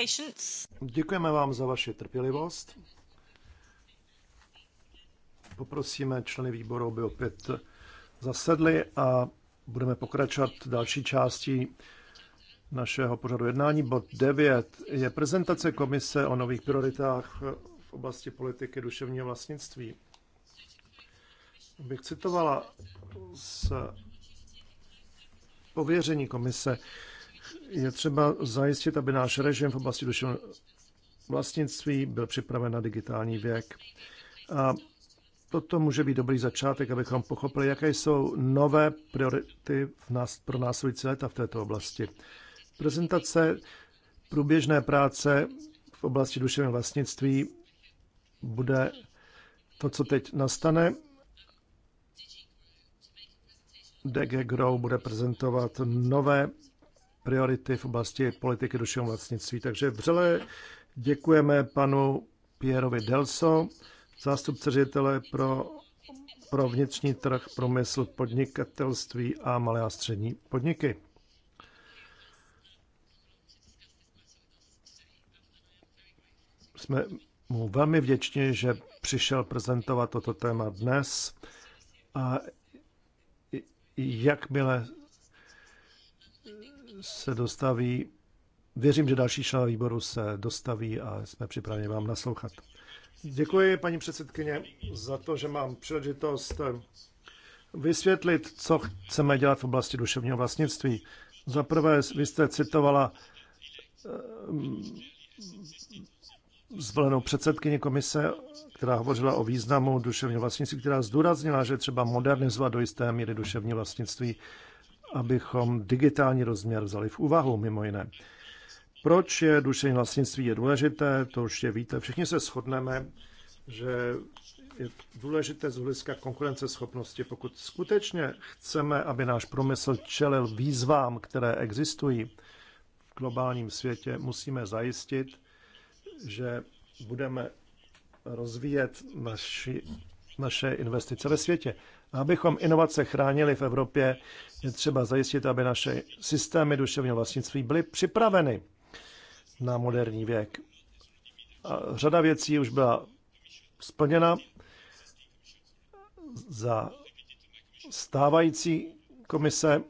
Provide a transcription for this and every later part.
patience. Děkujeme vám za vaši trpělivost. Poprosíme členy výboru, aby opět zasedli a budeme pokračovat další částí našeho pořadu jednání. Bod 9 je prezentace komise o nových prioritách v oblasti politiky duševního vlastnictví. Bych citovala z pověření komise je třeba zajistit, aby náš režim v oblasti duševního vlastnictví byl připraven na digitální věk. A toto může být dobrý začátek, abychom pochopili, jaké jsou nové priority v nás, pro následující léta v této oblasti. Prezentace průběžné práce v oblasti duševního vlastnictví bude to, co teď nastane. DG Grow bude prezentovat nové priority v oblasti politiky duševního vlastnictví. Takže vřele děkujeme panu Pierovi Delso, zástupce ředitele pro, pro vnitřní trh, promysl, podnikatelství a malé a střední podniky. Jsme mu velmi vděční, že přišel prezentovat toto téma dnes a jakmile se dostaví. Věřím, že další členové výboru se dostaví a jsme připraveni vám naslouchat. Děkuji, paní předsedkyně, za to, že mám příležitost eh, vysvětlit, co chceme dělat v oblasti duševního vlastnictví. Za prvé, vy jste citovala eh, zvolenou předsedkyni komise, která hovořila o významu duševního vlastnictví, která zdůraznila, že třeba modernizovat do jisté míry duševní vlastnictví abychom digitální rozměr vzali v úvahu, mimo jiné. Proč je duševní vlastnictví je důležité, to už je víte. Všichni se shodneme, že je důležité z hlediska konkurenceschopnosti. Pokud skutečně chceme, aby náš promysl čelil výzvám, které existují v globálním světě, musíme zajistit, že budeme rozvíjet naši, naše investice ve světě. Abychom inovace chránili v Evropě, je třeba zajistit, aby naše systémy duševního vlastnictví byly připraveny na moderní věk. A řada věcí už byla splněna za stávající komise,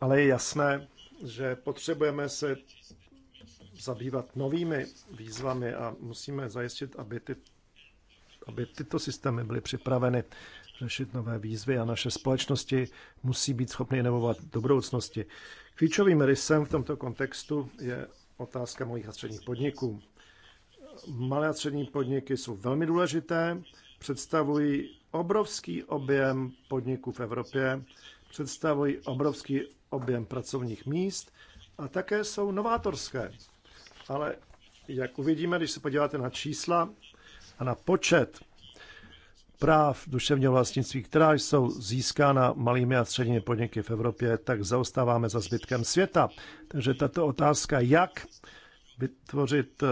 ale je jasné, že potřebujeme se zabývat novými výzvami a musíme zajistit, aby ty aby tyto systémy byly připraveny řešit nové výzvy a naše společnosti musí být schopny inovovat do budoucnosti. Klíčovým rysem v tomto kontextu je otázka malých a středních podniků. Malé a střední podniky jsou velmi důležité, představují obrovský objem podniků v Evropě, představují obrovský objem pracovních míst a také jsou novátorské. Ale jak uvidíme, když se podíváte na čísla, a na počet práv duševního vlastnictví, která jsou získána malými a středními podniky v Evropě, tak zaostáváme za zbytkem světa. Takže tato otázka, jak vytvořit eh,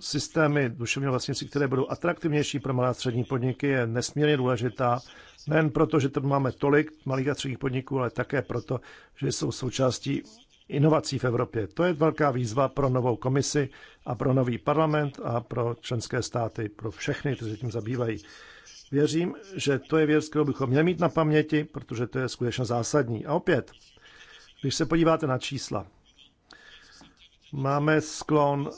systémy duševního vlastnictví, které budou atraktivnější pro malé a střední podniky, je nesmírně důležitá. Nejen proto, že tam máme tolik malých a středních podniků, ale také proto, že jsou součástí inovací v Evropě. To je velká výzva pro novou komisi a pro nový parlament a pro členské státy, pro všechny, kteří tím zabývají. Věřím, že to je věc, kterou bychom měli mít na paměti, protože to je skutečně zásadní. A opět, když se podíváte na čísla, máme sklon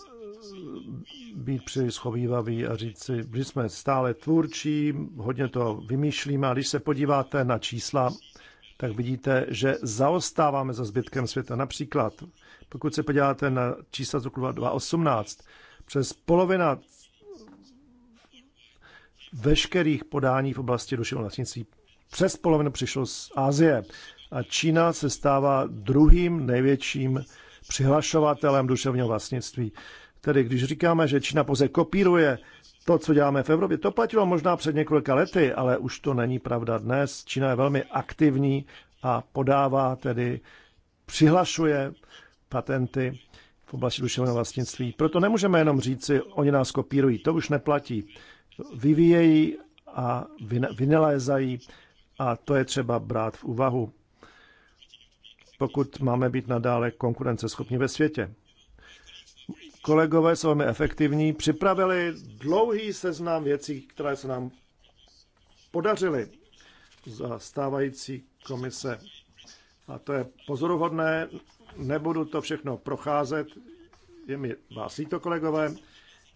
být příliš schovývavý a říci, že jsme stále tvůrčí, hodně to vymýšlíme, a když se podíváte na čísla, tak vidíte, že zaostáváme za zbytkem světa. Například, pokud se podíváte na čísla z roku 2018, přes polovina veškerých podání v oblasti duševního vlastnictví přes polovinu přišlo z Asie. A Čína se stává druhým největším přihlašovatelem duševního vlastnictví Tedy když říkáme, že Čína pouze kopíruje to, co děláme v Evropě, to platilo možná před několika lety, ale už to není pravda dnes. Čína je velmi aktivní a podává, tedy přihlašuje patenty v oblasti duševního vlastnictví. Proto nemůžeme jenom říci, oni nás kopírují, to už neplatí. Vyvíjejí a vynalézají a to je třeba brát v úvahu, pokud máme být nadále konkurenceschopní ve světě kolegové jsou velmi efektivní, připravili dlouhý seznam věcí, které se nám podařily za stávající komise. A to je pozoruhodné, nebudu to všechno procházet, je mi vás líto, kolegové,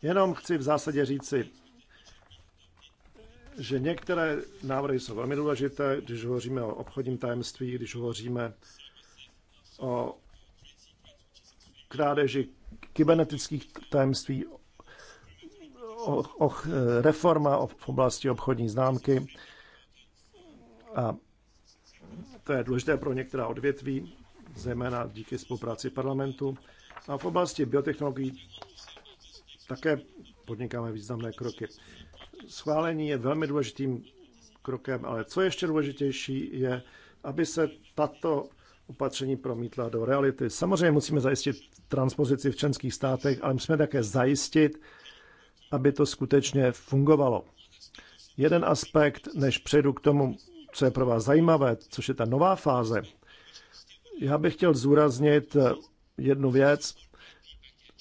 jenom chci v zásadě říci, že některé návrhy jsou velmi důležité, když hovoříme o obchodním tajemství, když hovoříme o krádeži kybernetických tajemství, o, o, reforma v oblasti obchodní známky. A to je důležité pro některá odvětví, zejména díky spolupráci parlamentu. A v oblasti biotechnologií také podnikáme významné kroky. Schválení je velmi důležitým krokem, ale co ještě důležitější je, aby se tato opatření promítla do reality. Samozřejmě musíme zajistit transpozici v členských státech, ale musíme také zajistit, aby to skutečně fungovalo. Jeden aspekt, než přejdu k tomu, co je pro vás zajímavé, což je ta nová fáze, já bych chtěl zúraznit jednu věc.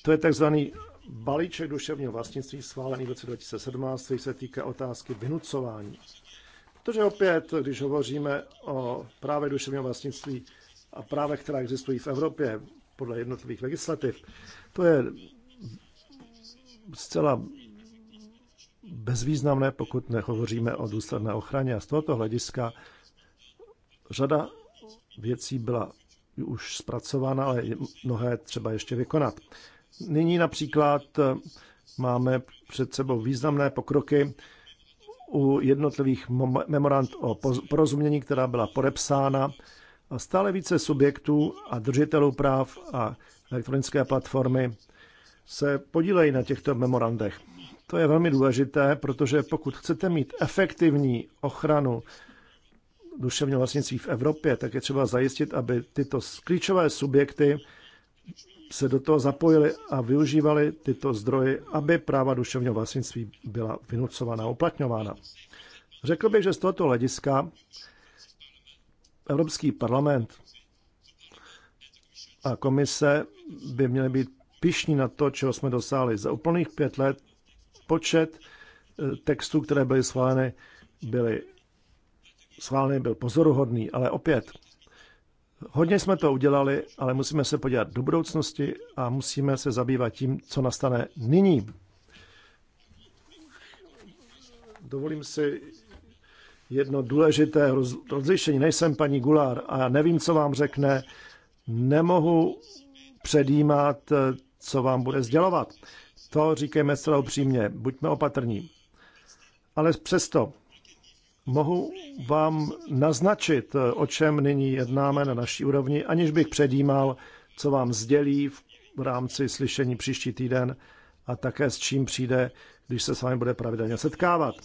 To je takzvaný balíček duševního vlastnictví schválený v roce 2017, který se týká otázky vynucování. Protože opět, když hovoříme o právě duševního vlastnictví, a právech, která existují v Evropě podle jednotlivých legislativ. To je zcela bezvýznamné, pokud nehovoříme o důsledné ochraně. A z tohoto hlediska řada věcí byla už zpracována, ale mnohé třeba ještě vykonat. Nyní například máme před sebou významné pokroky u jednotlivých memorand o porozumění, která byla podepsána a stále více subjektů a držitelů práv a elektronické platformy se podílejí na těchto memorandech. To je velmi důležité, protože pokud chcete mít efektivní ochranu duševního vlastnictví v Evropě, tak je třeba zajistit, aby tyto klíčové subjekty se do toho zapojili a využívali tyto zdroje, aby práva duševního vlastnictví byla vynucována, uplatňována. Řekl bych, že z tohoto hlediska Evropský parlament a komise by měly být pišní na to, čeho jsme dosáhli. Za úplných pět let počet eh, textů, které byly schváleny, byly schváleny, byl pozoruhodný, ale opět, hodně jsme to udělali, ale musíme se podívat do budoucnosti a musíme se zabývat tím, co nastane nyní. Dovolím si jedno důležité rozlišení. Nejsem paní Gulár a nevím, co vám řekne. Nemohu předjímat, co vám bude sdělovat. To říkejme zcela upřímně. Buďme opatrní. Ale přesto mohu vám naznačit, o čem nyní jednáme na naší úrovni, aniž bych předjímal, co vám sdělí v rámci slyšení příští týden a také s čím přijde, když se s vámi bude pravidelně setkávat.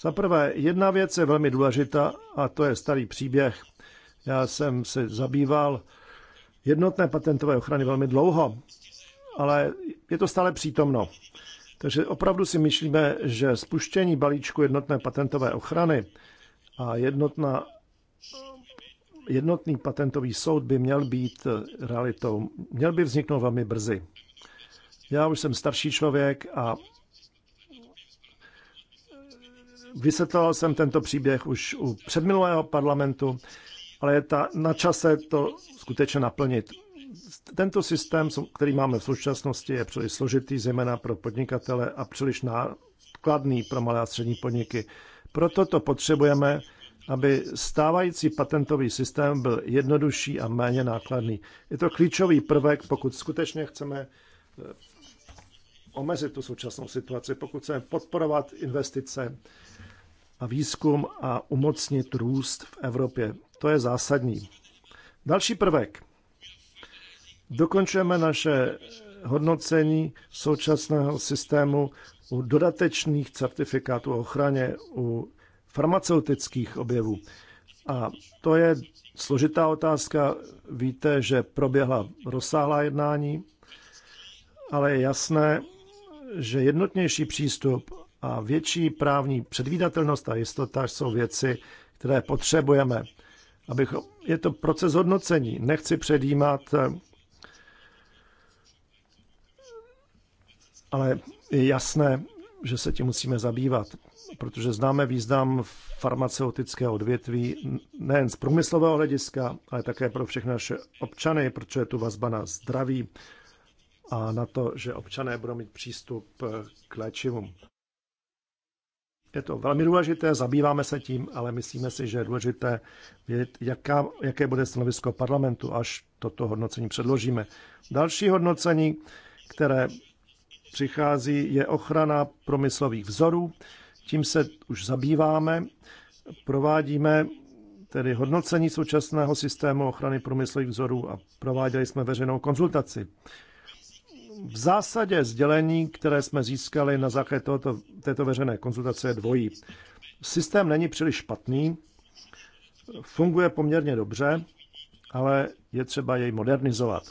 Za prvé, jedna věc je velmi důležitá a to je starý příběh. Já jsem se zabýval jednotné patentové ochrany velmi dlouho, ale je to stále přítomno. Takže opravdu si myslíme, že spuštění balíčku jednotné patentové ochrany a jednotná, jednotný patentový soud by měl být realitou. Měl by vzniknout velmi brzy. Já už jsem starší člověk a Vysvětloval jsem tento příběh už u předminulého parlamentu, ale je ta, na čase to skutečně naplnit. Tento systém, který máme v současnosti, je příliš složitý, zejména pro podnikatele a příliš nákladný pro malé a střední podniky. Proto to potřebujeme, aby stávající patentový systém byl jednodušší a méně nákladný. Je to klíčový prvek, pokud skutečně chceme eh, omezit tu současnou situaci, pokud chceme podporovat investice a výzkum a umocnit růst v Evropě. To je zásadní. Další prvek. Dokončujeme naše hodnocení současného systému u dodatečných certifikátů o ochraně u farmaceutických objevů. A to je složitá otázka. Víte, že proběhla rozsáhlá jednání, ale je jasné, že jednotnější přístup a větší právní předvídatelnost a jistota jsou věci, které potřebujeme. Abychom, je to proces hodnocení. Nechci předjímat, ale je jasné, že se tím musíme zabývat, protože známe význam farmaceutického odvětví nejen z průmyslového hlediska, ale také pro všechny naše občany, protože je tu vazba na zdraví a na to, že občané budou mít přístup eh, k léčivům. Je to velmi důležité, zabýváme se tím, ale myslíme si, že je důležité vědět, jaká, jaké bude stanovisko parlamentu, až toto hodnocení předložíme. Další hodnocení, které přichází, je ochrana promyslových vzorů. Tím se už zabýváme. Provádíme tedy hodnocení současného systému ochrany průmyslových vzorů a prováděli jsme veřejnou konzultaci v zásadě sdělení, které jsme získali na základě tohoto, této veřejné konzultace, je dvojí. Systém není příliš špatný, funguje poměrně dobře, ale je třeba jej modernizovat.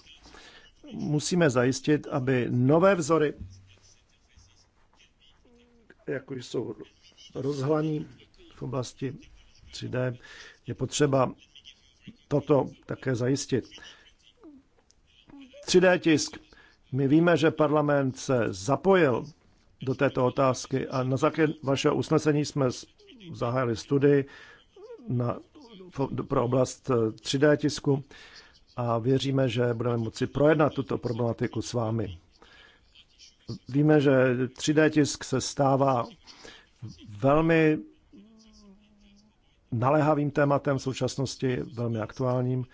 Musíme zajistit, aby nové vzory, jako jsou rozhlaní v oblasti 3D, je potřeba toto také zajistit. 3D tisk my víme, že parlament se zapojil do této otázky a na základě vašeho usnesení jsme zahájili studii na, pro oblast 3D eh, tisku a věříme, že budeme moci projednat tuto problematiku s vámi. Víme, že 3D tisk se stává velmi naléhavým tématem v současnosti, velmi aktuálním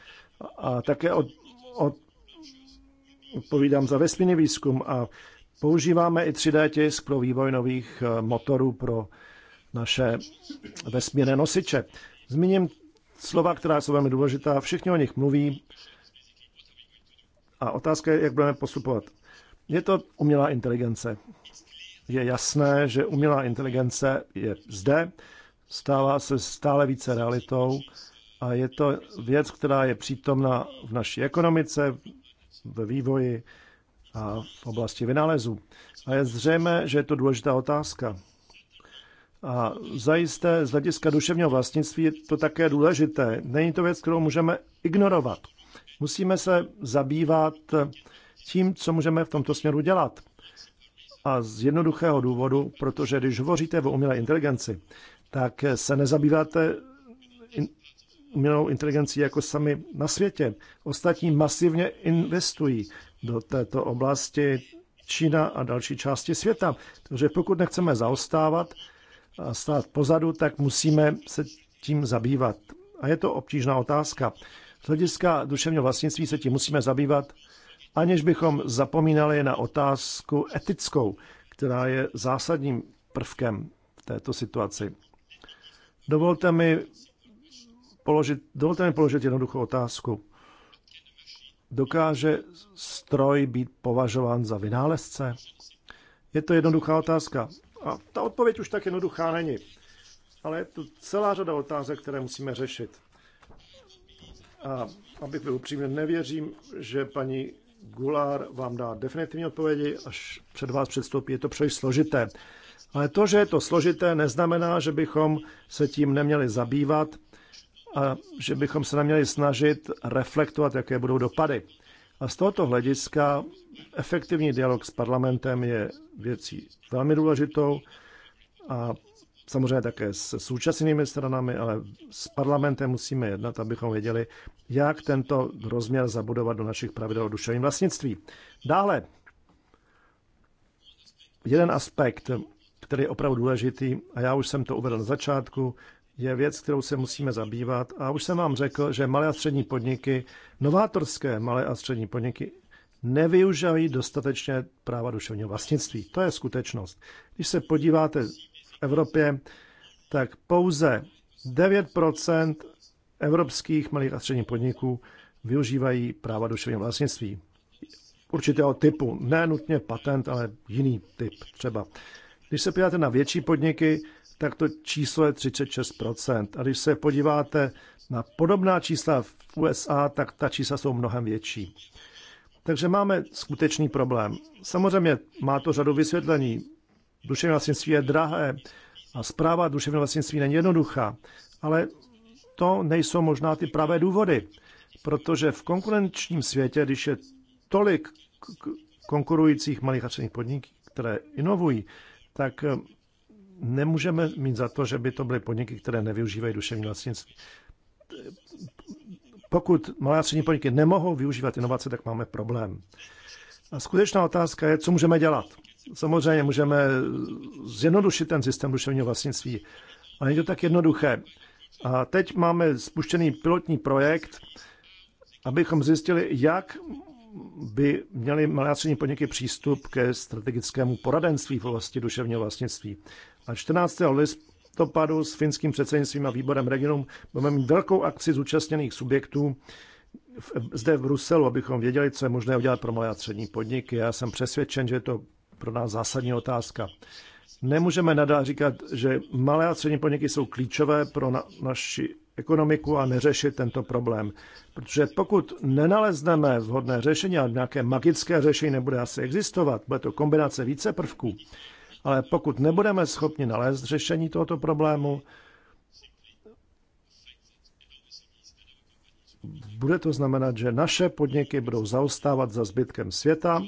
a také od, od odpovídám za vesmírný výzkum a používáme i 3D tisk pro vývoj nových eh, motorů pro naše vesmírné nosiče. Zmíním slova, která jsou velmi důležitá, všichni o nich mluví a otázka je, jak budeme postupovat. Je to umělá inteligence. Je jasné, že umělá inteligence je zde, stává se stále více realitou a je to věc, která je přítomna v naší ekonomice, ve vývoji a v oblasti vynálezu. A je zřejmé, že je to důležitá otázka. A zajisté z hlediska duševního vlastnictví je to také důležité. Není to věc, kterou můžeme ignorovat. Musíme se zabývat tím, co můžeme v tomto směru dělat. A z jednoduchého důvodu, protože když hovoříte o umělé inteligenci, tak se nezabýváte umělou inteligencí jako sami na světě. Ostatní masivně investují do této oblasti Čína a další části světa. Takže pokud nechceme zaostávat a stát pozadu, tak musíme se tím zabývat. A je to obtížná otázka. Z hlediska duševního vlastnictví se tím musíme zabývat, aniž bychom zapomínali na otázku etickou, která je zásadním prvkem v této situaci. Dovolte mi položit, dovolte mi položit jednoduchou otázku. Dokáže stroj být považován za vynálezce? Je to jednoduchá otázka. A ta odpověď už tak jednoduchá není. Ale je tu celá řada otázek, které musíme řešit. A abych byl upřímně, nevěřím, že paní Gulár vám dá definitivní odpovědi, až před vás předstoupí. Je to příliš složité. Ale to, že je to složité, neznamená, že bychom se tím neměli zabývat a že bychom se neměli snažit reflektovat, jaké budou dopady. A z tohoto hlediska efektivní dialog s parlamentem je věcí velmi důležitou a samozřejmě také s současnými stranami, ale s parlamentem musíme jednat, abychom věděli, jak tento rozměr zabudovat do našich pravidel o duševním vlastnictví. Dále, jeden aspekt, který je opravdu důležitý, a já už jsem to uvedl na začátku, je věc, kterou se musíme zabývat. A už jsem vám řekl, že malé a střední podniky, novátorské malé a střední podniky, nevyužívají dostatečně práva duševního vlastnictví. To je skutečnost. Když se podíváte v Evropě, tak pouze 9% evropských malých a středních podniků využívají práva duševního vlastnictví. Určitého typu, ne nutně patent, ale jiný typ třeba. Když se podíváte na větší podniky, tak to číslo je 36%. A když se podíváte na podobná čísla v USA, tak ta čísla jsou mnohem větší. Takže máme skutečný problém. Samozřejmě má to řadu vysvětlení. Duševní vlastnictví je drahé a zpráva duševního vlastnictví není jednoduchá, ale to nejsou možná ty pravé důvody, protože v konkurenčním světě, když je tolik konkurujících malých a středních podniků, které inovují, tak nemůžeme mít za to, že by to byly podniky, které nevyužívají duševní vlastnictví. Pokud malé a střední podniky nemohou využívat inovace, tak máme problém. A skutečná otázka je, co můžeme dělat. Samozřejmě můžeme zjednodušit ten systém duševního vlastnictví, ale není to tak jednoduché. A teď máme spuštěný pilotní projekt, abychom zjistili, jak by měly malé a střední podniky přístup ke strategickému poradenství v oblasti duševního vlastnictví. A 14. listopadu s finským předsednictvím a výborem regionů budeme mít velkou akci zúčastněných subjektů v, zde v Bruselu, abychom věděli, co je možné udělat pro malé a střední podniky. Já jsem přesvědčen, že je to pro nás zásadní otázka. Nemůžeme nadále říkat, že malé a střední podniky jsou klíčové pro na, naši ekonomiku a neřešit tento problém. Protože pokud nenalezneme vhodné řešení, a nějaké magické řešení nebude asi existovat, bude to kombinace více prvků, ale pokud nebudeme schopni nalézt řešení tohoto problému, bude to znamenat, že naše podniky budou zaostávat za zbytkem světa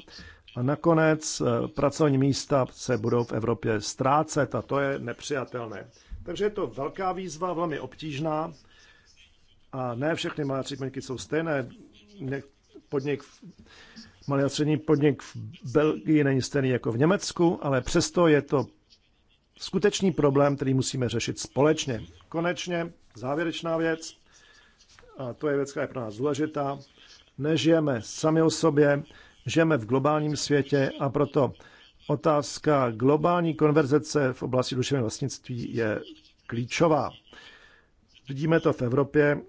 a nakonec eh, pracovní místa se budou v Evropě ztrácet a to je nepřijatelné. Takže je to velká výzva, velmi obtížná a ne všechny malé připomínky jsou stejné. Podnik, malý a střední podnik v Belgii není stejný jako v Německu, ale přesto je to skutečný problém, který musíme řešit společně. Konečně závěrečná věc, a to je věc, která je pro nás důležitá, nežijeme sami o sobě, žijeme v globálním světě a proto otázka globální konverzace v oblasti duševního vlastnictví je klíčová. Vidíme to v Evropě,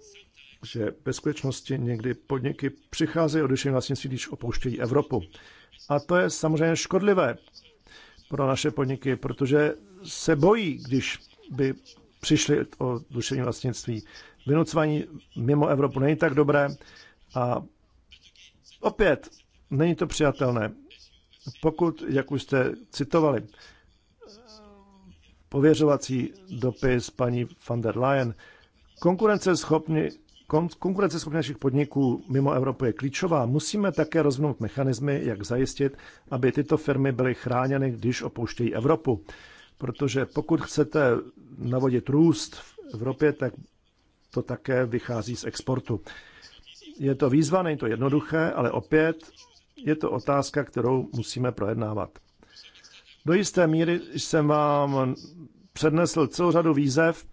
že ve skutečnosti někdy podniky přicházejí o duševní vlastnictví, když opouštějí Evropu. A to je samozřejmě škodlivé pro naše podniky, protože se bojí, když by přišli o duševní vlastnictví. Vynucování mimo Evropu není tak dobré a opět není to přijatelné. Pokud, jak už jste citovali, pověřovací dopis paní van der Leyen, konkurenceschopný konkurenceschopnost našich podniků mimo Evropu je klíčová, musíme také rozvinout mechanismy, jak zajistit, aby tyto firmy byly chráněny, když opouštějí Evropu. Protože pokud chcete navodit růst v Evropě, tak to také vychází z exportu. Je to výzva, není to jednoduché, ale opět je to otázka, kterou musíme projednávat. Do jisté míry jsem vám přednesl celou řadu výzev.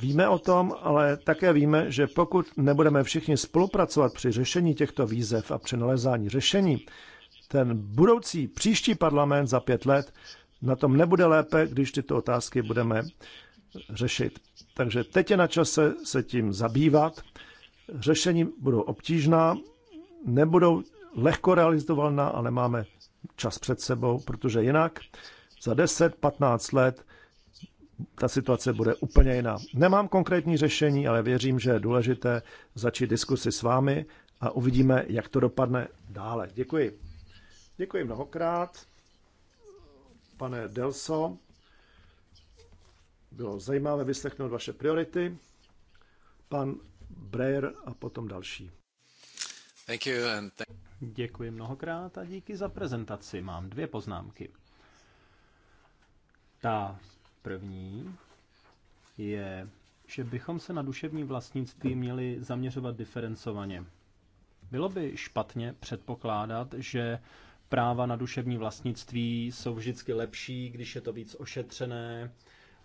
Víme o tom, ale také víme, že pokud nebudeme všichni spolupracovat při řešení těchto výzev a při nalezání řešení, ten budoucí příští parlament za pět let na tom nebude lépe, když tyto otázky budeme řešit. Takže teď je na čase se tím zabývat. Řešení budou obtížná, nebudou lehko realizovatelná a nemáme čas před sebou, protože jinak za 10-15 let ta situace bude úplně jiná. Nemám konkrétní řešení, ale věřím, že je důležité začít diskusi s vámi a uvidíme, jak to dopadne dále. Děkuji. Děkuji mnohokrát, pane Delso. Bylo zajímavé vyslechnout vaše priority. Pan Breyer a potom další. Thank you and Děkuji mnohokrát a díky za prezentaci. Mám dvě poznámky. Ta první je, že bychom se na duševní vlastnictví měli zaměřovat diferencovaně. Bylo by špatně předpokládat, že práva na duševní vlastnictví jsou vždycky lepší, když je to víc ošetřené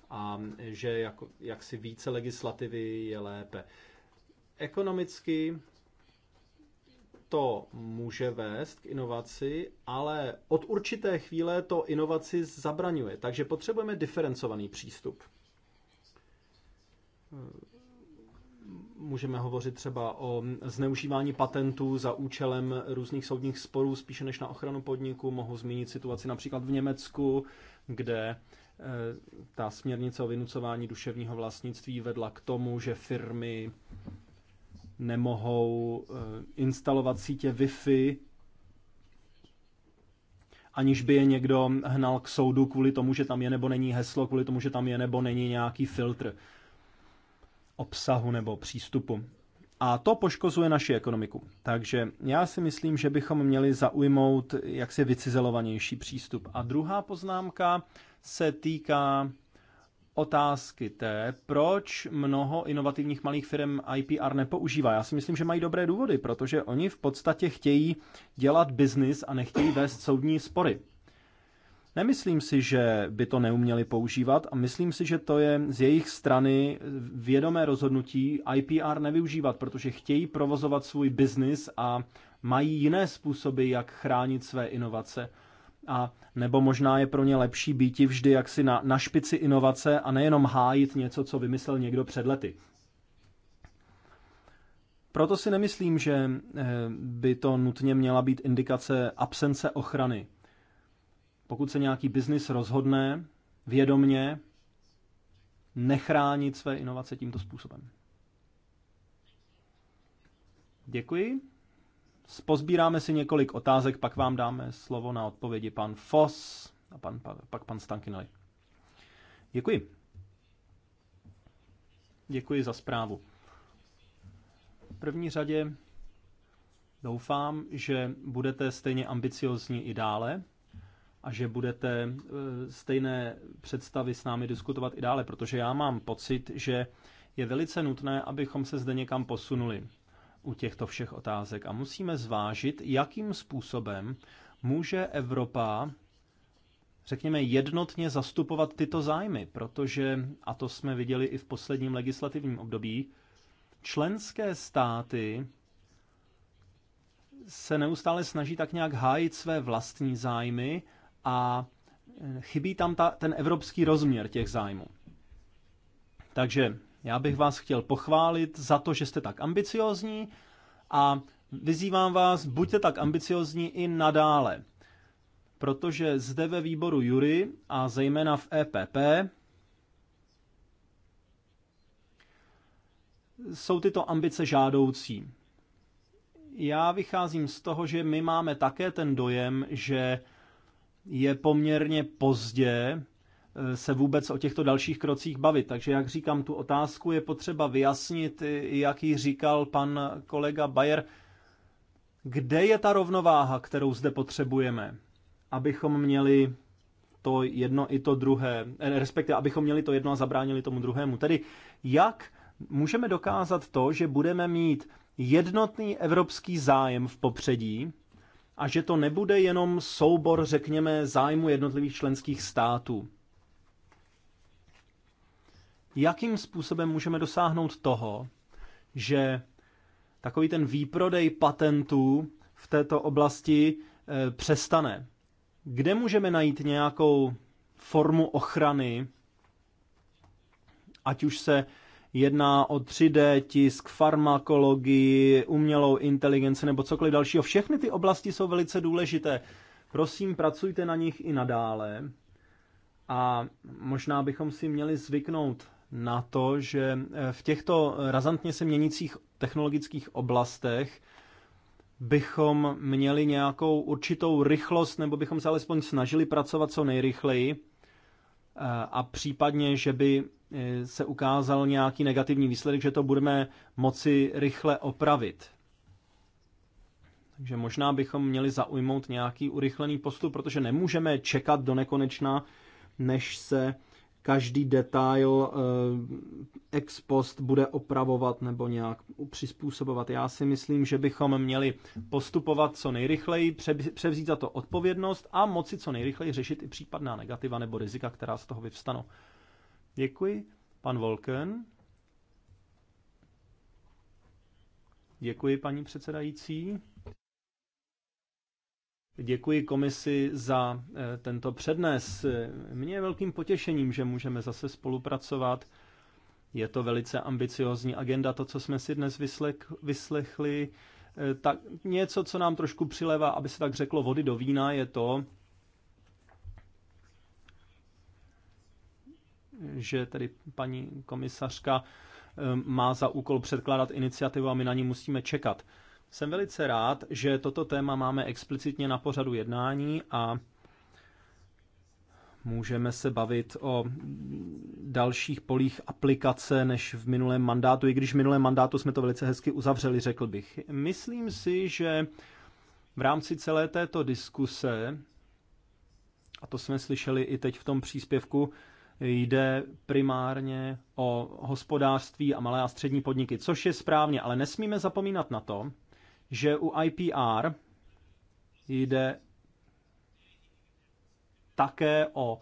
a že jako, jaksi více legislativy je lépe. Ekonomicky to může vést k inovaci, ale od určité chvíle to inovaci zabraňuje. Takže potřebujeme diferencovaný přístup. Můžeme hovořit třeba o zneužívání patentů za účelem různých soudních sporů spíše než na ochranu podniku. Mohu zmínit situaci například v Německu, kde eh, ta směrnice o vynucování duševního vlastnictví vedla k tomu, že firmy nemohou eh, instalovat sítě Wi-Fi, aniž by je někdo hnal k soudu kvůli tomu, že tam je nebo není heslo, kvůli tomu, že tam je nebo není nějaký filtr obsahu nebo přístupu. A to poškozuje naši ekonomiku. Takže já si myslím, že bychom měli zaujmout jaksi vycizelovanější přístup. A druhá poznámka se týká otázky té, proč mnoho inovativních malých firm IPR nepoužívá. Já si myslím, že mají dobré důvody, protože oni v podstatě chtějí dělat biznis a nechtějí vést soudní spory. Nemyslím si, že by to neuměli používat a myslím si, že to je z jejich strany vědomé rozhodnutí IPR nevyužívat, protože chtějí provozovat svůj biznis a mají jiné způsoby, jak chránit své inovace a nebo možná je pro ně lepší být vždy jaksi na, na špici inovace a nejenom hájit něco, co vymyslel někdo před lety. Proto si nemyslím, že eh, by to nutně měla být indikace absence ochrany. Pokud se nějaký biznis rozhodne vědomně nechránit své inovace tímto způsobem. Děkuji. Pozbíráme si několik otázek, pak vám dáme slovo na odpovědi pan Fos a pan, pak pan Stankinali. Děkuji. Děkuji za zprávu. V první řadě doufám, že budete stejně ambiciozní i dále a že budete e, stejné představy s námi diskutovat i dále, protože já mám pocit, že je velice nutné, abychom se zde někam posunuli u těchto všech otázek a musíme zvážit, jakým způsobem může Evropa, řekněme, jednotně zastupovat tyto zájmy, protože, a to jsme viděli i v posledním legislativním období, členské státy se neustále snaží tak nějak hájit své vlastní zájmy a eh, chybí tam ta, ten evropský rozměr těch zájmů. Takže já bych vás chtěl pochválit za to, že jste tak ambiciozní a vyzývám vás, buďte tak ambiciozní i nadále. Protože zde ve výboru Jury a zejména v EPP jsou tyto ambice žádoucí. Já vycházím z toho, že my máme také ten dojem, že je poměrně pozdě Eh, se vůbec o těchto dalších krocích bavit. Takže jak říkám, tu otázku je potřeba vyjasnit, jak ji říkal pan kolega Bayer, kde je ta rovnováha, kterou zde potřebujeme, abychom měli to jedno i to druhé, eh, respektive abychom měli to jedno a zabránili tomu druhému. Tedy jak můžeme dokázat to, že budeme mít jednotný evropský zájem v popředí a že to nebude jenom soubor, řekněme, zájmu jednotlivých členských států jakým způsobem můžeme dosáhnout toho, že takový ten výprodej patentů v této oblasti eh, přestane. Kde můžeme najít nějakou formu ochrany, ať už se jedná o 3D tisk, farmakologii, umělou inteligenci nebo cokoliv dalšího. Všechny ty oblasti jsou velice důležité. Prosím, pracujte na nich i nadále. A možná bychom si měli zvyknout na to, že eh, v těchto razantně se měnících technologických oblastech bychom měli nějakou určitou rychlost, nebo bychom se alespoň snažili pracovat co nejrychleji eh, a případně, že by eh, se ukázal nějaký negativní výsledek, že to budeme moci rychle opravit. Takže možná bychom měli zaujmout nějaký urychlený postup, protože nemůžeme čekat do nekonečna, než se každý detail eh, ex post bude opravovat nebo nějak přizpůsobovat. Já si myslím, že bychom měli postupovat co nejrychleji, převzít za to odpovědnost a moci co nejrychleji řešit i případná negativa nebo rizika, která z toho vyvstanou. Děkuji. Pan Volken. Děkuji, paní předsedající. Děkuji komisi za eh, tento přednes. Mně je velkým potěšením, že můžeme zase spolupracovat. Je to velice ambiciozní agenda, to, co jsme si dnes vyslechli. Eh, tak něco, co nám trošku přilevá, aby se tak řeklo, vody do vína, je to, že tedy paní komisařka eh, má za úkol předkládat iniciativu a my na ní musíme čekat. Jsem velice rád, že toto téma máme explicitně na pořadu jednání a můžeme se bavit o dalších polích aplikace než v minulém mandátu, i když v minulém mandátu jsme to velice hezky uzavřeli, řekl bych. Myslím si, že v rámci celé této diskuse, a to jsme slyšeli i teď v tom příspěvku, jde primárně o hospodářství a malé a střední podniky, což je správně, ale nesmíme zapomínat na to, že u IPR jde také o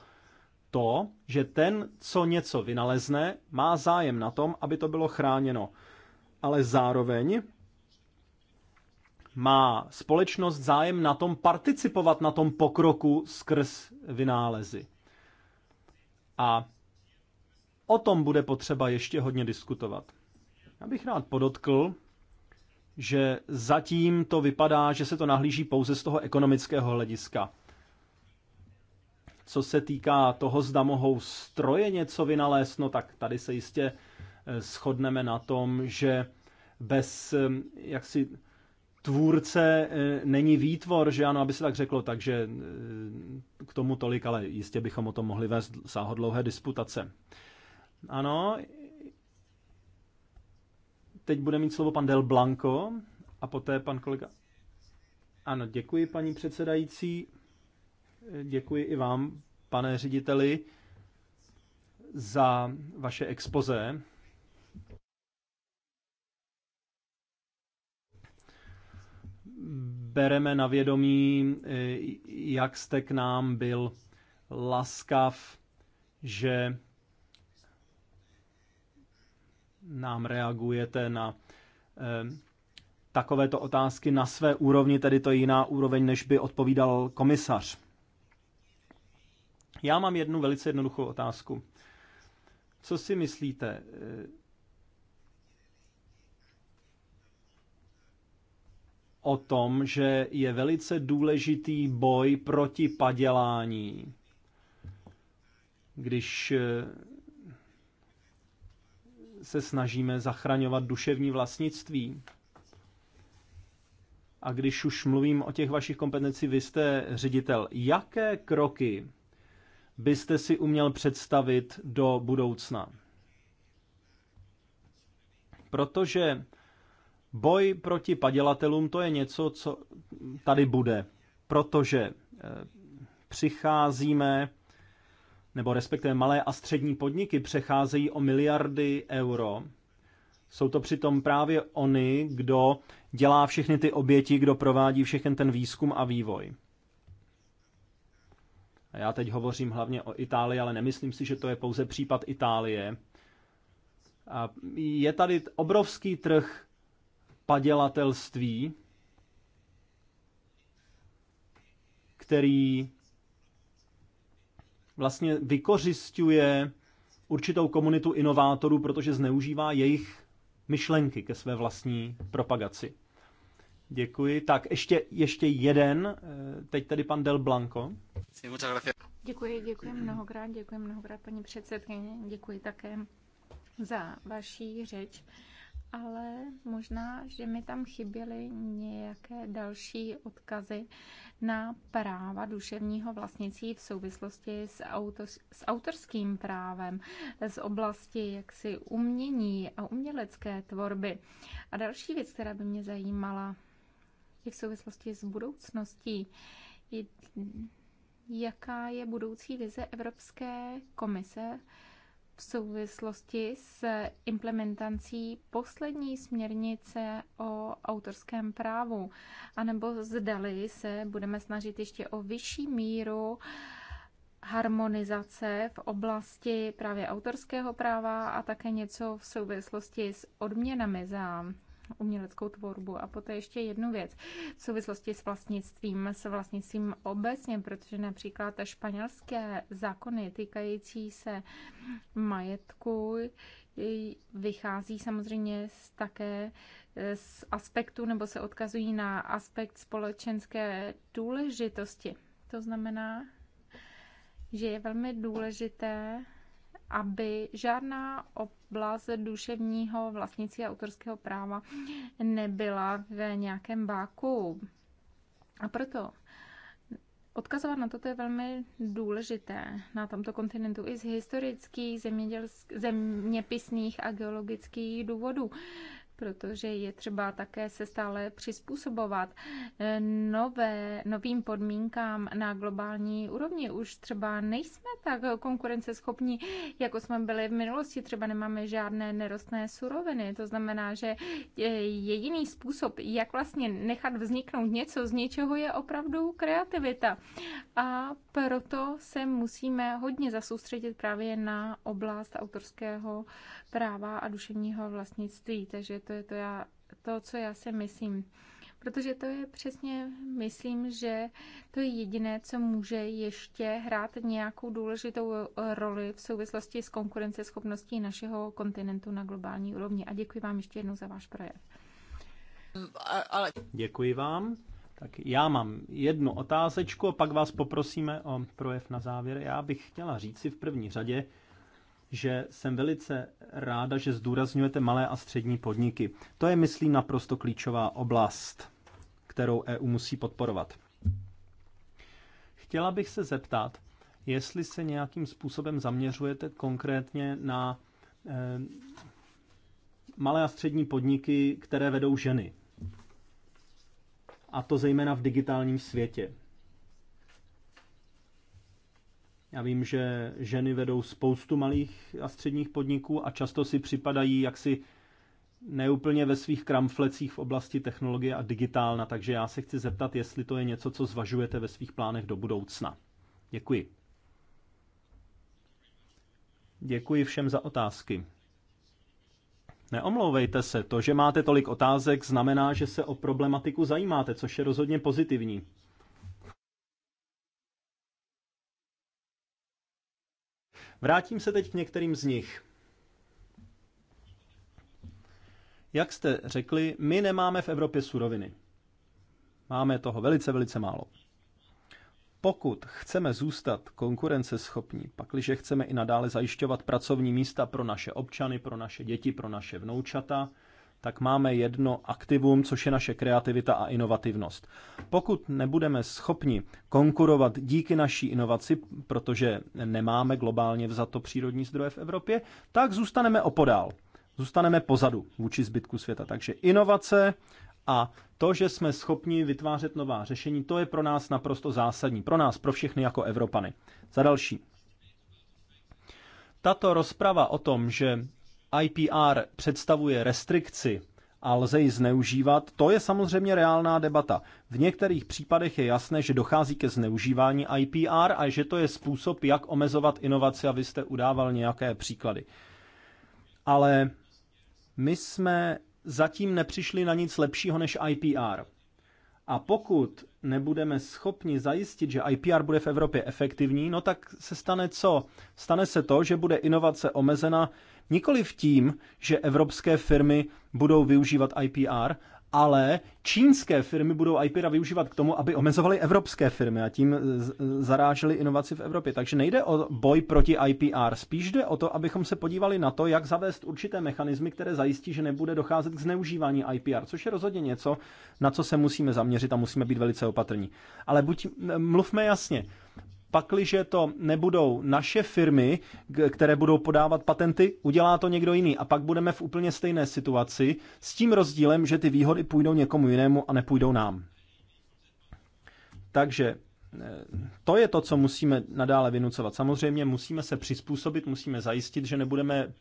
to, že ten, co něco vynalezne, má zájem na tom, aby to bylo chráněno. Ale zároveň má společnost zájem na tom participovat na tom pokroku skrz vynálezy. A o tom bude potřeba ještě hodně diskutovat. Já bych rád podotkl, že zatím to vypadá, že se to nahlíží pouze z toho ekonomického hlediska. Co se týká toho, zda mohou stroje něco vynalézt, no tak tady se jistě eh, shodneme na tom, že bez eh, jaksi tvůrce eh, není výtvor, že ano, aby se tak řeklo, takže k tomu tolik, ale jistě bychom o tom mohli vést sáhodlouhé disputace. Ano, Teď bude mít slovo pan Del Blanco a poté pan kolega. Ano, děkuji paní předsedající. Děkuji i vám, pane řediteli, za vaše expoze. Bereme na vědomí, eh, jak jste k nám byl laskav, že nám reagujete na eh, takovéto otázky na své úrovni, tedy to je jiná úroveň, než by odpovídal komisař. Já mám jednu velice jednoduchou otázku. Co si myslíte? Eh, o tom, že je velice důležitý boj proti padělání. Když eh, se snažíme zachraňovat duševní vlastnictví. A když už mluvím o těch vašich kompetencích, vy jste ředitel. Jaké kroky byste si uměl představit do budoucna? Protože boj proti padělatelům to je něco, co tady bude. Protože eh, přicházíme nebo respektive malé a střední podniky přecházejí o miliardy euro. Jsou to přitom právě oni, kdo dělá všechny ty oběti, kdo provádí všechen ten výzkum a vývoj. A já teď hovořím hlavně o Itálii, ale nemyslím si, že to je pouze případ Itálie. A je tady obrovský trh padělatelství, který vlastně vykořisťuje určitou komunitu inovátorů, protože zneužívá jejich myšlenky ke své vlastní propagaci. Děkuji. Tak ještě, ještě jeden, eh, teď tady pan Del Blanco. Děkuji, děkuji mnohokrát, děkuji mnohokrát paní předsedkyně, děkuji také za vaší řeč ale možná, že mi tam chyběly nějaké další odkazy na práva duševního vlastnictví v souvislosti s, auto, s autorským právem, z oblasti jaksi umění a umělecké tvorby. A další věc, která by mě zajímala i v souvislosti s budoucností, jaká je budoucí vize Evropské komise v souvislosti s implementací poslední směrnice o autorském právu, anebo zdali se budeme snažit ještě o vyšší míru harmonizace v oblasti právě autorského práva a také něco v souvislosti s odměnami za uměleckou tvorbu. A poté ještě jednu věc v souvislosti s vlastnictvím, s vlastnictvím obecně, protože například španělské zákony týkající se majetku vychází samozřejmě z také e, z aspektu nebo se odkazují na aspekt společenské důležitosti. To znamená, že je velmi důležité, aby žádná op oblast duševního vlastnictví a autorského práva nebyla v nějakém báku A proto Odkazovat na toto je velmi důležité na tomto kontinentu i z historických, zeměpisných a geologických důvodů protože je třeba také se stále přizpůsobovat eh, nové, novým podmínkám na globální úrovni. Už třeba nejsme tak konkurenceschopní, jako jsme byli v minulosti, třeba nemáme žádné nerostné suroviny. To znamená, že eh, jediný způsob, jak vlastně nechat vzniknout něco z něčeho, je opravdu kreativita. A proto se musíme hodně zasoustředit právě na oblast autorského práva a duševního vlastnictví. Takže to to je to, já, to, co já si myslím. Protože to je přesně, myslím, že to je jediné, co může ještě hrát nějakou důležitou roli v souvislosti s konkurenceschopností našeho kontinentu na globální úrovni. A děkuji vám ještě jednou za váš projev. Ale... Děkuji vám. Tak já mám jednu otázečku a pak vás poprosíme o projev na závěr. Já bych chtěla říct si v první řadě, že jsem velice ráda, že zdůrazňujete malé a střední podniky. To je, myslím, naprosto klíčová oblast, kterou EU musí podporovat. Chtěla bych se zeptat, jestli se nějakým způsobem zaměřujete konkrétně na eh, malé a střední podniky, které vedou ženy. A to zejména v digitálním světě. Já vím, že ženy vedou spoustu malých a středních podniků a často si připadají jaksi neúplně ve svých kramflecích v oblasti technologie a digitálna, takže já se chci zeptat, jestli to je něco, co zvažujete ve svých plánech do budoucna. Děkuji. Děkuji všem za otázky. Neomlouvejte se, to, že máte tolik otázek, znamená, že se o problematiku zajímáte, což je rozhodně pozitivní. Vrátím se teď k některým z nich. Jak jste řekli, my nemáme v Evropě suroviny. Máme toho velice, velice málo. Pokud chceme zůstat konkurenceschopní, pakliže chceme i nadále zajišťovat pracovní místa pro naše občany, pro naše děti, pro naše vnoučata, tak máme jedno aktivum, což je naše kreativita a inovativnost. Pokud nebudeme schopni konkurovat díky naší inovaci, protože nemáme globálně vzato přírodní zdroje v Evropě, tak zůstaneme opodál. Zůstaneme pozadu vůči zbytku světa. Takže inovace a to, že jsme schopni vytvářet nová řešení, to je pro nás naprosto zásadní. Pro nás, pro všechny jako Evropany. Za další. Tato rozprava o tom, že IPR představuje restrikci a lze ji zneužívat, to je samozřejmě reálná debata. V některých případech je jasné, že dochází ke zneužívání IPR a že to je způsob, jak omezovat inovaci a vy jste udával nějaké příklady. Ale my jsme zatím nepřišli na nic lepšího než IPR. A pokud nebudeme schopni zajistit, že IPR bude v Evropě efektivní, no tak se stane co? Stane se to, že bude inovace omezena Nikoli v tím, že evropské firmy budou využívat IPR, ale čínské firmy budou IPR využívat k tomu, aby omezovaly evropské firmy a tím zarážely inovaci v Evropě. Takže nejde o boj proti IPR, spíš jde o to, abychom se podívali na to, jak zavést určité mechanismy, které zajistí, že nebude docházet k zneužívání IPR, což je rozhodně něco, na co se musíme zaměřit a musíme být velice opatrní. Ale buď mluvme jasně. Pakliže to nebudou naše firmy, které budou podávat patenty, udělá to někdo jiný. A pak budeme v úplně stejné situaci, s tím rozdílem, že ty výhody půjdou někomu jinému a nepůjdou nám. Takže to je to, co musíme nadále vynucovat. Samozřejmě musíme se přizpůsobit, musíme zajistit, že nebudeme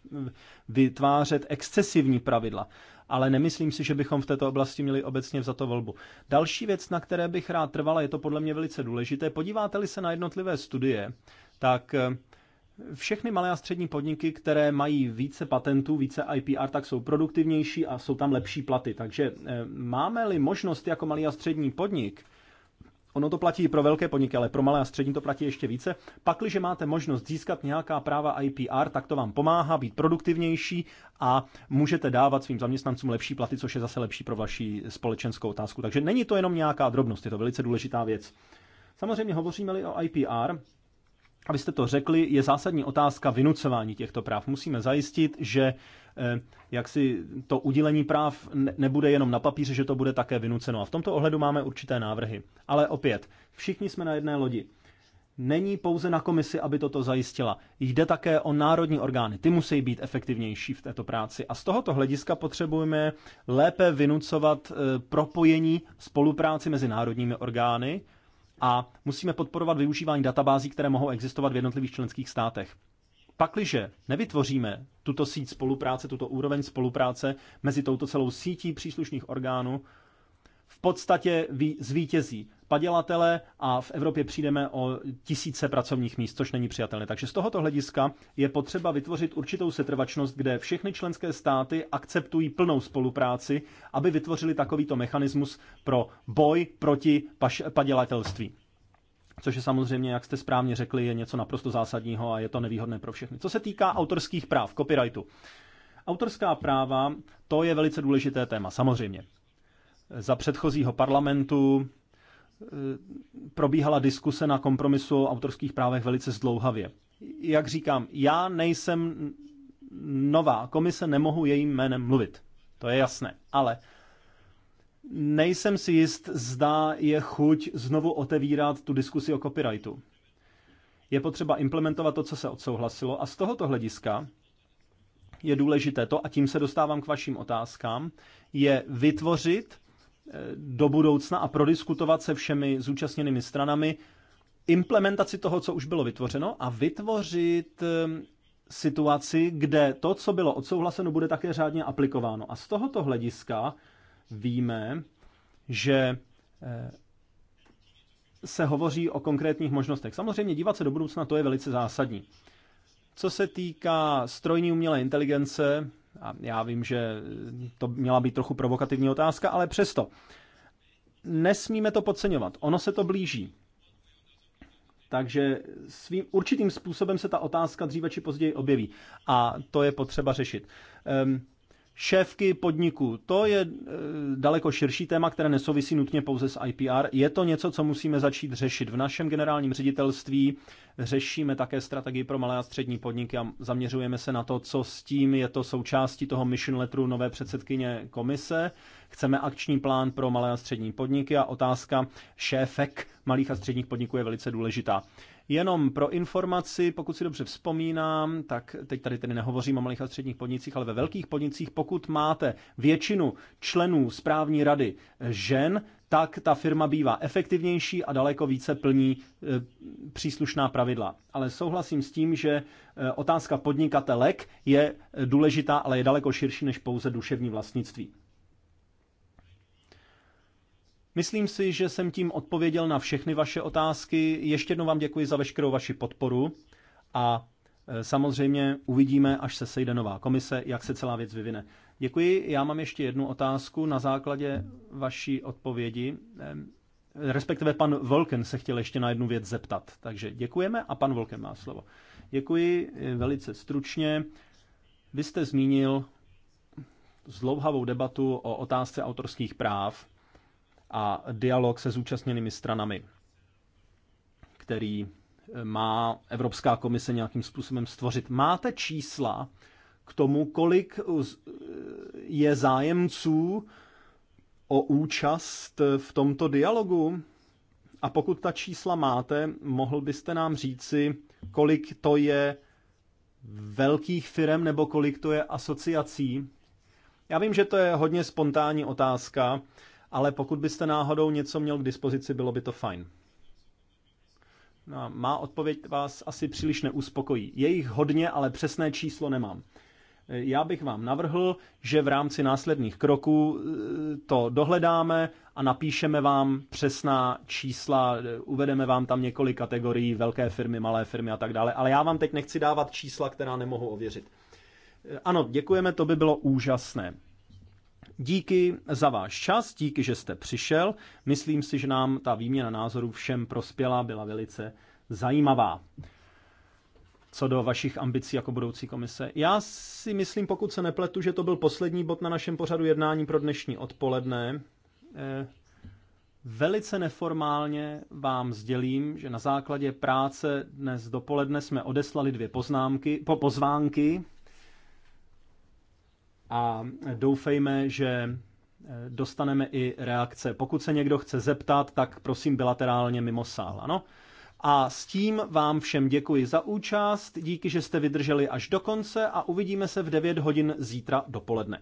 vytvářet excesivní pravidla, ale nemyslím si, že bychom v této oblasti měli obecně za to volbu. Další věc, na které bych rád trvala, je to podle mě velice důležité. Podíváte-li se na jednotlivé studie, tak eh, všechny malé a střední podniky, které mají více patentů, více IPR, tak jsou produktivnější a jsou tam lepší platy. Takže eh, máme-li možnost jako malý a střední podnik, Ono to platí i pro velké podniky, ale pro malé a střední to platí ještě více. Pakliže máte možnost získat nějaká práva IPR, tak to vám pomáhá být produktivnější a můžete dávat svým zaměstnancům lepší platy, což je zase lepší pro vaši společenskou otázku. Takže není to jenom nějaká drobnost, je to velice důležitá věc. Samozřejmě hovoříme-li o IPR, abyste to řekli, je zásadní otázka vynucování těchto práv. Musíme zajistit, že eh, jak si to udělení práv nebude jenom na papíře, že to bude také vynuceno. A v tomto ohledu máme určité návrhy. Ale opět, všichni jsme na jedné lodi. Není pouze na komisi, aby toto zajistila. Jde také o národní orgány. Ty musí být efektivnější v této práci. A z tohoto hlediska potřebujeme lépe vynucovat eh, propojení spolupráci mezi národními orgány a musíme podporovat využívání databází, které mohou existovat v jednotlivých členských státech. Pakliže nevytvoříme tuto síť spolupráce, tuto úroveň spolupráce mezi touto celou sítí příslušných orgánů, v podstatě zvítězí padělatele a v Evropě přijdeme o tisíce pracovních míst, což není přijatelné. Takže z tohoto hlediska je potřeba vytvořit určitou setrvačnost, kde všechny členské státy akceptují plnou spolupráci, aby vytvořili takovýto mechanismus pro boj proti padělatelství což je samozřejmě, jak jste správně řekli, je něco naprosto zásadního a je to nevýhodné pro všechny. Co se týká autorských práv, copyrightu. Autorská práva, to je velice důležité téma, samozřejmě. Za předchozího parlamentu probíhala diskuse na kompromisu o autorských právech velice zdlouhavě. Jak říkám, já nejsem nová komise, nemohu jejím jménem mluvit. To je jasné. Ale nejsem si jist, zda je chuť znovu otevírat tu diskusi o copyrightu. Je potřeba implementovat to, co se odsouhlasilo a z tohoto hlediska je důležité to, a tím se dostávám k vašim otázkám, je vytvořit do budoucna a prodiskutovat se všemi zúčastněnými stranami implementaci toho, co už bylo vytvořeno a vytvořit ehm, situaci, kde to, co bylo odsouhlaseno, bude také řádně aplikováno. A z tohoto hlediska víme, že eh, se hovoří o konkrétních možnostech. Samozřejmě dívat se do budoucna, to je velice zásadní. Co se týká strojní umělé inteligence, a já vím, že to měla být trochu provokativní otázka, ale přesto. Nesmíme to podceňovat. Ono se to blíží. Takže svým určitým způsobem se ta otázka dříve či později objeví. A to je potřeba řešit. Um, šéfky podniků. To je e, daleko širší téma, které nesouvisí nutně pouze s IPR. Je to něco, co musíme začít řešit. V našem generálním ředitelství řešíme také strategii pro malé a střední podniky a zaměřujeme se na to, co s tím je to součástí toho mission letteru nové předsedkyně komise. Chceme akční plán pro malé a střední podniky a otázka šéfek malých a středních podniků je velice důležitá. Jenom pro informaci, pokud si dobře vzpomínám, tak teď tady tedy nehovořím o malých a středních podnicích, ale ve velkých podnicích, pokud máte většinu členů správní rady žen, tak ta firma bývá efektivnější a daleko více plní e, příslušná pravidla. Ale souhlasím s tím, že e, otázka podnikatelek je důležitá, ale je daleko širší než pouze duševní vlastnictví. Myslím si, že jsem tím odpověděl na všechny vaše otázky. Ještě jednou vám děkuji za veškerou vaši podporu a e, samozřejmě uvidíme, až se sejde nová komise, jak se celá věc vyvine. Děkuji. Já mám ještě jednu otázku na základě vaší odpovědi. Respektive pan Volken se chtěl ještě na jednu věc zeptat. Takže děkujeme a pan Volken má slovo. Děkuji e, velice stručně. Vy jste zmínil zlouhavou debatu o otázce autorských práv a dialog se zúčastněnými stranami, který eh, má Evropská komise nějakým způsobem stvořit. Máte čísla k tomu, kolik eh, eh, je zájemců o účast v tomto dialogu? A pokud ta čísla máte, mohl byste nám říci, kolik to je velkých firm nebo kolik to je asociací? Já vím, že to je hodně spontánní otázka, ale pokud byste náhodou něco měl k dispozici, bylo by to fajn. No, má odpověď vás asi příliš neuspokojí. Je jich hodně, ale přesné číslo nemám. Já bych vám navrhl, že v rámci následných kroků e, to dohledáme a napíšeme vám přesná čísla, uvedeme vám tam několik kategorií, velké firmy, malé firmy a tak dále, ale já vám teď nechci dávat čísla, která nemohu ověřit. E, ano, děkujeme, to by bylo úžasné. Díky za váš čas, díky, že jste přišel. Myslím si, že nám ta výměna názorů všem prospěla, byla velice zajímavá. Co do vašich ambicí jako budoucí komise. Já si myslím, pokud se nepletu, že to byl poslední bod na našem pořadu jednání pro dnešní odpoledne. Eh, velice neformálně vám sdělím, že na základě práce dnes dopoledne jsme odeslali dvě poznámky, po pozvánky a doufejme, že eh, dostaneme i reakce. Pokud se někdo chce zeptat, tak prosím bilaterálně mimo sál, ano? A s tím vám všem děkuji za účast, díky, že jste vydrželi až do konce a uvidíme se v 9 hodin zítra dopoledne.